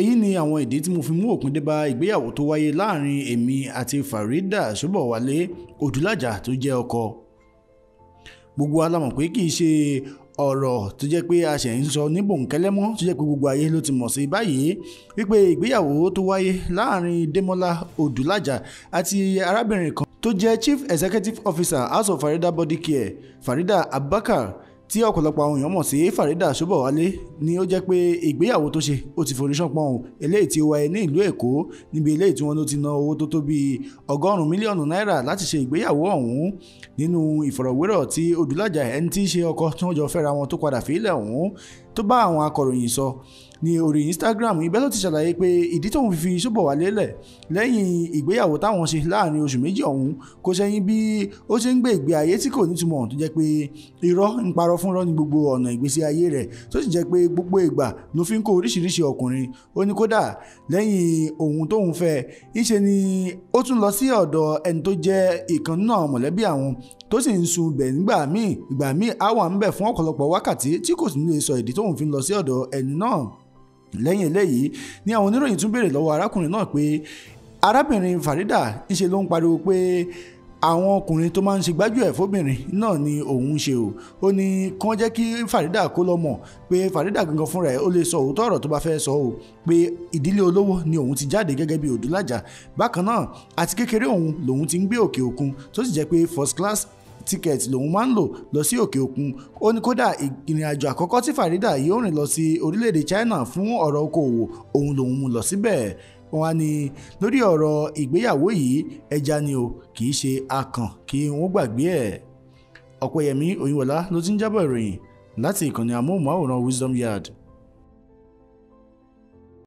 èyí ni àwọn ìdí tí mo fi mú òpin dé bá ìgbéyàwó tó wáyé láàrin èmi àti Farida Ṣóbọ̀wálé Odúlájà tó jẹ́ ọkọ gbogbo wa la mọ̀ pé kì í ṣe ọ̀rọ̀ tó jẹ́ pé a ṣẹ̀ ń sọ ní bòńkẹ́lẹ́ mọ́ tó jẹ́ pé gbogbo ayé ló ti mọ̀ sí báyìí wípé ìgbéyàwó tó wáyé láàrin Démọ́lá Odúlájà àti arábìnrin kan tó jẹ́ Chief Executive Officer House of Farida Body Care Farida Abubakar tí ọ̀pọ̀lọpọ̀ àwọn èèyàn mọ̀ sí Farida Ṣóbọ̀wálé ni ó jẹ́ pé ìgbéyàwó tó ṣe ó ti forí ṣánpọ́n ọ̀hún eléyìí tí ó wáyé ní ìlú Èkó níbi eléyìí tí wọ́n ló ti ná owó tó tó bíi ọgọ́rùn-ún mílíọ̀nù náírà láti ṣe ìgbéyàwó ọ̀hún nínú ìfọ̀rọ̀wérọ̀ tí Odúlájà ẹni tí í ṣe ọkọ tí wọ́n jọ fẹ́ra wọn tó padà fílẹ̀ ọ̀hún tó bá àwọn akọ̀ròyìn sọ ní orí Instagram ibẹ̀ ló ti ṣàlàyé pé ìdí tóun fi fi Ṣóbọ̀wálé lẹ̀ lẹ́yìn ìgbéyàwó táwọn ṣe láàrin oṣù méjì ọ̀hún kò ṣẹ̀yìn bí ó ṣe ń gbé ìgbé ayé tí kò nítumọ̀ tó jẹ́ pé irọ́ ń parọ́ fúnrọ́ ní gbogbo ọ̀nà ìgbésí ayé rẹ̀ tó sì jẹ́ pé gbogbo ìgbà ló fi ń kó oríṣiríṣi ọkùnrin ó ní kódà lẹ́yìn ohun tóun fẹ́ ìṣe ni ó tún lọ sí ọ̀dọ̀ ẹni tó jẹ́ ìkan náà mọ̀lẹ́bí àwọn tó sì ń sun ibẹ̀ nígbà míì ìgbà míì á wà ń bẹ̀ fún ọ̀pọ̀lọpọ̀ wákàtí tí kò sì ní lè sọ ìdí tóun fi ń lọ sí ọ̀dọ̀ ẹni náà lẹ́yìn eléyìí ni àwọn oníròyìn tún béèrè lọ́wọ́ arákùnrin náà pé arábìnrin Farida ìṣe ló ń pariwo pé àwọn ọkùnrin tó máa ń ṣe gbájúẹ̀ fóbìnrin náà ni òun ṣe o ó ní kí wọ́n jẹ́ kí Farida kó lọ mọ̀ pé Farida gangan fúnra ẹ̀ ó lè sọ òótọ́ ọ̀rọ̀ tó bá fẹ́ sọ o pé ìdílé olówó ni òun ti jáde gẹ́gẹ́ bí Odúlájà bákan náà àti kékeré òun lòun ti ń gbé òkè òkun tó sì jẹ́ pé first class tíkẹ́ẹ̀tì lòun máa ń lò lọ sí òkè òkun ó ní kódà ìrìn àjò àkọ́kọ́ tí Farida yóò rìn lọ sí orílẹ̀-èdè China fún ọ̀rọ̀ okòwò òun lòun mú lọ síbẹ̀ wọ́n á lórí ọ̀rọ̀ ìgbéyàwó yìí ẹja ni o kì í ṣe akàn kí wọ́n gbàgbé ẹ̀ Ọ̀pẹ̀yẹmí Oyinwọlá ló ti ń jábọ̀ ìròyìn láti ìkànnì amóhùnmáwòrán Wisdom Yard